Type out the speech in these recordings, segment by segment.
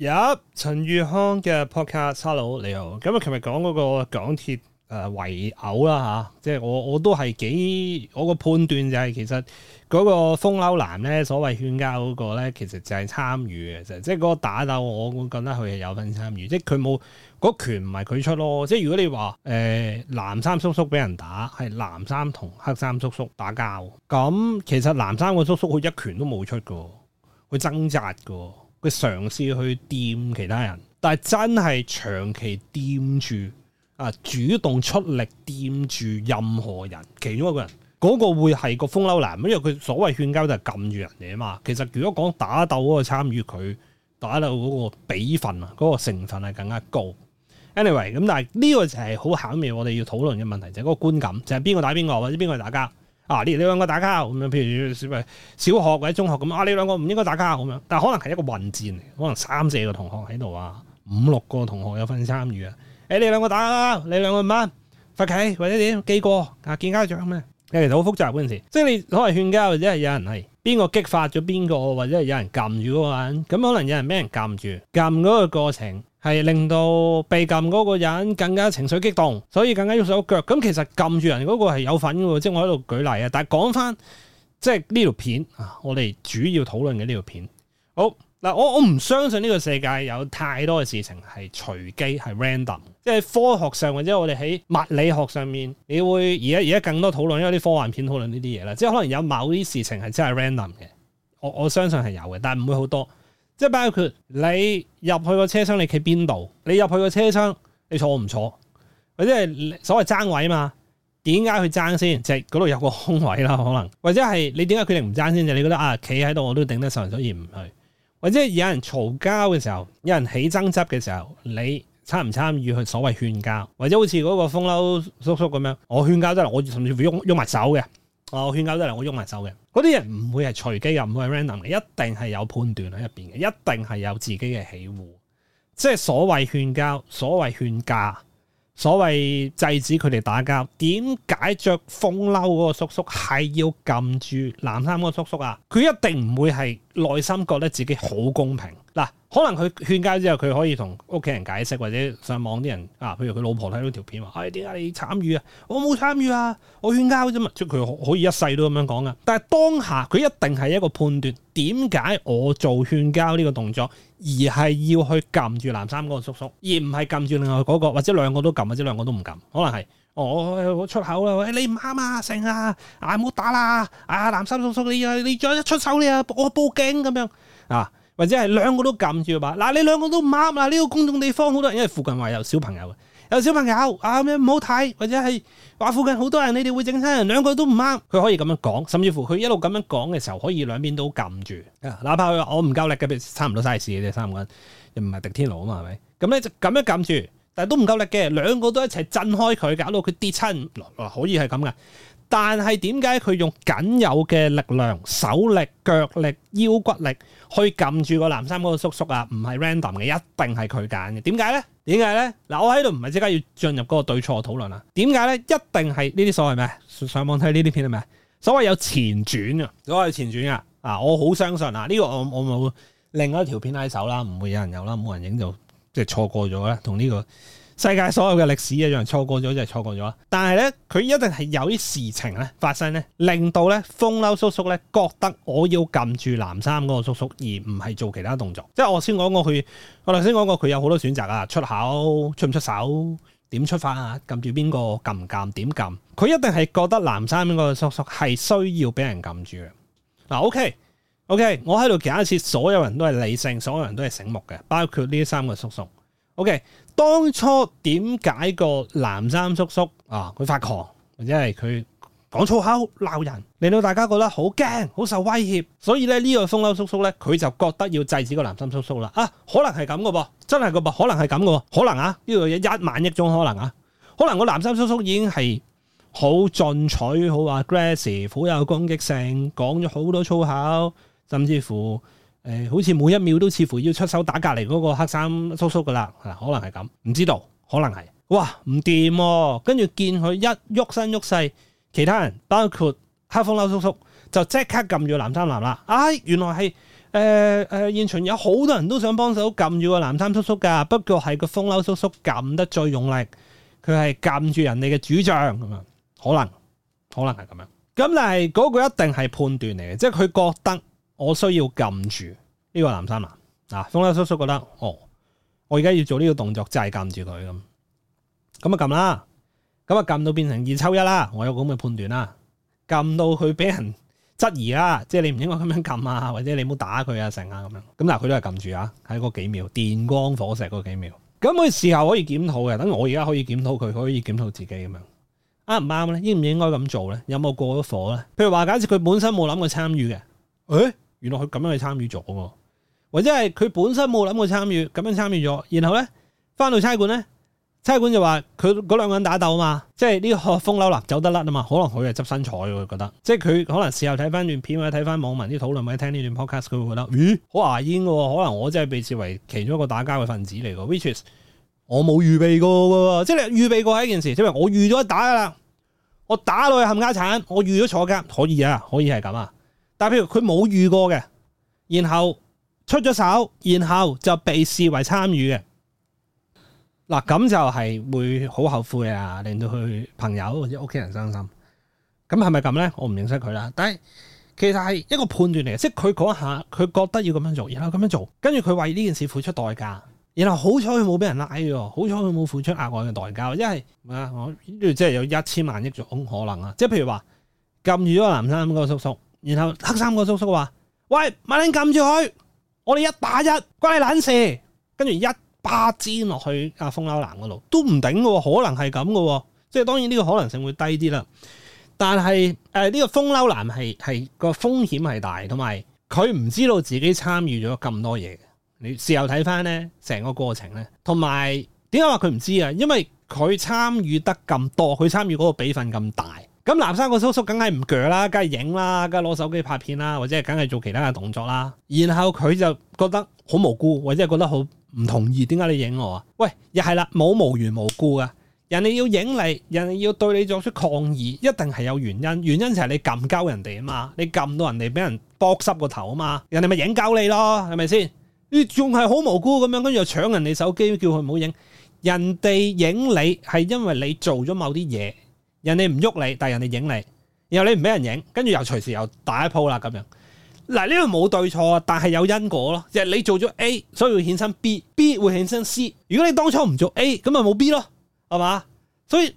入陳、yeah, 宇康嘅 podcast，hello，你好。咁啊，琴日講個個港鐵誒圍毆啦嚇，即係我我都係幾我個判斷就係其實嗰個風褸男咧，所謂勸架嗰個咧，其實就係參與嘅啫。即係嗰個打鬥我會覺得佢係有份參與，即係佢冇嗰拳唔係佢出咯。即係如果你話誒、呃、藍衫叔叔俾人打，係藍衫同黑衫叔叔打交，咁其實藍衫個叔叔佢一拳都冇出㗎，佢掙扎㗎。佢嘗試去掂其他人，但係真係長期掂住啊，主動出力掂住任何人，其中一個人，嗰個會係個風褸男，因為佢所謂勸交就係撳住人哋啊嘛。其實如果講打鬥嗰個參與，佢打鬥嗰個比分啊，嗰個成分係更加高。anyway，咁但係呢個就係好巧妙，我哋要討論嘅問題，就係嗰個觀感，就係邊個打邊個，或者邊個係打交。啊！你你兩個打交咁樣，譬如小學、小學或者中學咁啊，你兩個唔應該打交咁樣，但可能係一個混戰，可能三四個同學喺度啊，五六個同學有份參與啊。誒，你兩個打交，你兩個唔啱，罰企，或者點記過啊？見家長咩？其實好複雜嗰陣時，即係你可能勸交，或者係有人係邊個激發咗邊個，或者係有人撳住嗰個人，咁可能有人俾人撳住撳嗰個過程。係令到被撳嗰個人更加情緒激動，所以更加喐手腳。咁其實撳住人嗰個係有份嘅，即係我喺度舉例啊。但係講翻，即係呢條片啊，我哋主要討論嘅呢條片。好嗱，我我唔相信呢個世界有太多嘅事情係隨機係 random。即係科學上或者我哋喺物理學上面，你會而家而家更多討論，因為啲科幻片討論呢啲嘢啦。即係可能有某啲事情係真係 random 嘅。我我相信係有嘅，但係唔會好多。即係包括你入去個車廂，你企邊度？你入去個車廂，你坐唔坐？或者係所謂爭位嘛？點解去爭先？即嗰度有個空位啦，可能。或者係你點解決定唔爭先？就你覺得啊，企喺度我都頂得上，所以唔去。或者有人嘈交嘅時候，有人起爭執嘅時候，你參唔參與去所謂勸交？或者好似嗰個風褸叔叔咁樣，我勸交得啦，我甚至乎喐喐埋手嘅。哦、勸交得我勸教都係我喐埋手嘅，嗰啲人唔會係隨機，又唔會係 random，一定係有判斷喺入邊嘅，一定係有，有自己嘅喜惡。即係所謂勸教，所謂勸架，所謂制止佢哋打交，點解着風褸嗰個叔叔係要撳住藍衫嗰個叔叔啊？佢一定唔會係內心覺得自己好公平嗱。嗯可能佢勸交之後，佢可以同屋企人解釋，或者上網啲人啊，譬如佢老婆睇到條片話：，哎，點解你參與啊？我冇參與啊！我勸交啫嘛！即係佢可以一世都咁樣講噶。但係當下佢一定係一個判斷，點解我做勸交呢個動作，而係要去撳住藍衫嗰個叔叔，而唔係撳住另外嗰個，或者兩個都撳，或者兩個都唔撳。可能係、哦、我出口啦！你唔啱啊，成啊，啊、唔好打啦！啊，藍衫叔叔，你、啊、你再一出手，你啊，我報警咁樣啊。或者係兩個都撳住啊，嗱，你兩個都唔啱啦，呢、啊呢個公眾地方好多人，因為附近話有小朋友嘅，有小朋友啊，咩唔好睇，或者係話附近好多人，你哋會整親人，兩個都唔啱，佢可以咁樣講，甚至乎佢一路咁樣講嘅時候，可以兩邊都撳住、yeah, 哪怕佢話我唔夠力嘅，差唔多 size 嘅啫，三個人又唔係迪天奴啊嘛，係咪？咁咧就咁樣撳住，但係都唔夠力嘅，兩個都一齊震開佢，搞到佢跌親、啊，可以係咁嘅。但係點解佢用僅有嘅力量、手力、腳力、腰骨力去撳住個藍衫嗰個叔叔啊？唔係 random 嘅，一定係佢揀嘅。點解咧？點解咧？嗱，我喺度唔係即刻要進入嗰個對錯討論啦。點解咧？一定係呢啲所謂咩？上上網睇呢啲片係咩？所謂有前傳啊，所謂前傳啊。啊，我好相信啊，呢個我我冇另外一條片喺手啦，唔會有人有啦，冇人影就即係錯過咗啦，同呢個。世界所有嘅歷史一樣，錯過咗就係、是、錯過咗。但係呢，佢一定係有啲事情咧發生呢，令到呢風褸叔叔呢，覺得我要撳住藍衫嗰個叔叔，而唔係做其他動作。即係我先講過佢，我頭先講過佢有好多選擇啊，出口出唔出手，點出翻啊，撳住邊個撳唔撳，點撳？佢一定係覺得藍衫嗰個叔叔係需要俾人撳住嘅。嗱，OK OK，我喺度其他一次，所有人都係理性，所有人都係醒目嘅，包括呢三個叔叔。O.K. 當初點解個藍衫叔叔啊，佢發狂，或者係佢講粗口鬧人，令到大家覺得好驚、好受威脅，所以咧呢個風褸叔叔咧，佢就覺得要制止個藍衫叔叔啦。啊，可能係咁嘅噃，真係嘅噃，可能係咁嘅，可能啊，呢度有一萬億種可能啊，可能個藍衫叔叔已經係好進取，好話 aggressive，好有攻擊性，講咗好多粗口，甚至乎。誒、呃，好似每一秒都似乎要出手打隔籬嗰個黑衫叔叔噶啦，可能係咁，唔知道，可能係，哇，唔掂，啊，跟住見佢一喐身喐勢，其他人包括黑風褸叔叔就即刻撳住藍衫男啦，啊，哎，原來係，誒、呃、誒、呃，現場有好多人都想幫手撳住個藍衫叔叔噶，不過係個風褸叔叔撳得最用力，佢係撳住人哋嘅主張咁可能，可能係咁樣，咁但係嗰個一定係判斷嚟嘅，即係佢覺得。我需要撳住呢，這個南山啊，啊，風啦叔叔覺得哦，我而家要做呢個動作就係、是、撳住佢咁，咁啊撳啦，咁啊撳到變成二抽一啦，我有咁嘅判斷啦，撳到佢俾人質疑啦，即係你唔應該咁樣撳啊，或者你唔好打佢啊，成啊咁樣，咁嗱佢都係撳住啊，喺嗰幾秒電光火石嗰幾秒，咁佢時候可以檢討嘅，等我而家可以檢討佢，可以檢討自己咁樣啱唔啱咧？應唔應該咁做咧？有冇過咗火咧？譬如話假設佢本身冇諗過參與嘅，誒。原來佢咁樣去參與咗，或者係佢本身冇諗過參與，咁樣參與咗，然後咧翻到差館咧，差館就話佢嗰兩個人打鬥嘛，即係呢個風流啦，走得甩啊嘛，可能佢係執身彩嘅，佢覺得即係佢可能事後睇翻段片或者睇翻網民啲討論或者聽呢段 podcast，佢會覺得，咦，好牙煙嘅，可能我真係被視為其中一個打交嘅分子嚟嘅，which 我冇預備過嘅，即係你預備過一件事，即係我預咗打噶啦，我打落去冚家鏟，我預咗坐監，可以啊，可以係咁啊。但譬如佢冇遇過嘅，然後出咗手，然後就被視為參與嘅，嗱咁就係會好後悔啊，令到佢朋友或者屋企人傷心。咁係咪咁咧？我唔認識佢啦。但係其實係一個判斷嚟嘅，即係佢嗰下佢覺得要咁樣做，然後咁樣做，跟住佢為呢件事付出代價，然後好彩佢冇俾人拉嘅，好彩佢冇付出額外嘅代價，因為咩啊？我即係有一千萬億種可能啊！即係譬如話，禁住咗個男生，嗰個叔叔。然後黑衫個叔叔話：喂，慢撚撳住佢，我哋一打一，關你撚事。跟住一巴掌落去阿風褸男嗰度，都唔頂嘅，可能係咁嘅，即係當然呢個可能性會低啲啦。但係誒，呢、呃呢個風褸男係係個風險係大，同埋佢唔知道自己參與咗咁多嘢嘅。你事後睇翻呢成個過程呢，同埋點解話佢唔知啊？因為佢參與得咁多，佢參與嗰個比分咁大。咁南生個叔叔梗係唔鋸啦，梗係影啦，梗係攞手機拍片啦，或者係梗係做其他嘅動作啦。然後佢就覺得好無辜，或者係覺得好唔同意，點解你影我啊？喂，又係啦，冇無緣無故嘅，人哋要影你，人哋要對你作出抗議，一定係有原因。原因就係你撳鳩人哋啊嘛，你撳到人哋俾人剝濕個頭啊嘛，人哋咪影鳩你咯，係咪先？你仲係好無辜咁樣，跟住又搶人哋手機叫佢唔好影，人哋影你係因為你做咗某啲嘢。人哋唔喐你，但係人哋影你，然後你唔俾人影，跟住又隨時又打一鋪啦咁樣。嗱，呢度冇對錯，但係有因果咯。即係你做咗 A，所以會衍生 B，B 會衍生 C。如果你當初唔做 A，咁咪冇 B 咯，係嘛？所以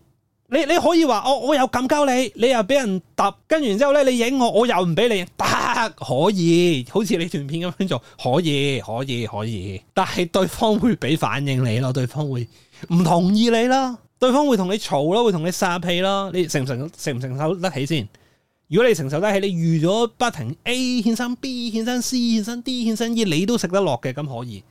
你你可以話哦，我有咁交你，你又俾人揼，跟住之後咧，你影我，我又唔俾你，得可以？好似你段片咁樣做，可以，可以，可以。但係對方會俾反應你咯，對方會唔同意你啦。對方會同你嘈咯，會同你撒屁咯，你承唔承承唔承受得起先？如果你承受得起，你預咗不停 A 現身、B 現身、C 現身、D 現身，E 你都食得落嘅，咁可以。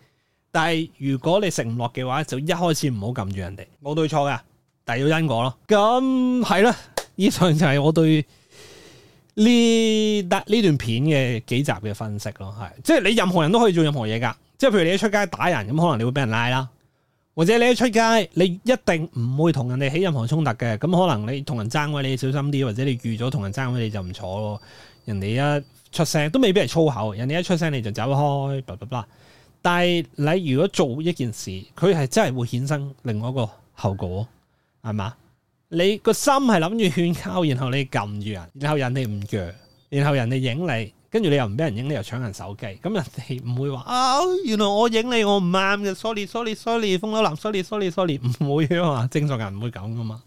但係如果你食唔落嘅話，就一開始唔好撳住人哋，冇對錯噶，但係要因果咯。咁係啦，以上就係我對呢呢段片嘅幾集嘅分析咯。係，即係你任何人都可以做任何嘢噶。即係譬如你喺出街打人，咁可能你會俾人拉啦。或者你一出街，你一定唔會同人哋起任何衝突嘅。咁可能你同人爭位，你小心啲。或者你預咗同人爭位，你就唔坐咯。人哋一出聲都未必係粗口，人哋一出聲你就走開。巴拉巴拉。但係你如果做一件事，佢係真係會衍生另外一個後果，係嘛？你個心係諗住勸交，然後你撳住人，然後人哋唔弱，然後人哋影你。跟住你又唔俾人影，你又搶人手機，咁人哋唔會話啊！原來我影你，我唔啱嘅，sorry，sorry，sorry，sorry, 風褸男，sorry，sorry，sorry，唔會啊嘛，正常人唔會咁噶嘛。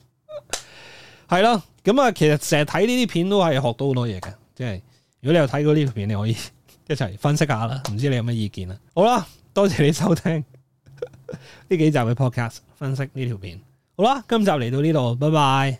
係咯，咁啊，其實成日睇呢啲片都係學到好多嘢嘅，即係如果你有睇過呢條片，你可以一齊分析下啦。唔知你有咩意見呀？好啦，多謝你收聽呢幾集嘅 Podcast 分析呢條片。好啦，今集嚟到呢度，拜拜。